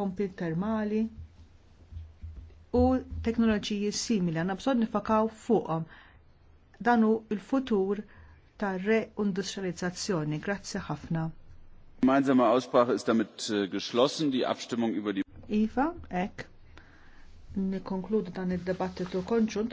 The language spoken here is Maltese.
pompi termali u teknoloġiji simili għandna bżonn nifakaw fuqhom. Dan hu l futur tar industrializzazzjoni Grazzi ħafna. Gemeinsame Aussprache ist damit äh, geschlossen. Die Abstimmung über die Iva, ek. Nikonkludu dan id-debattitu konġunt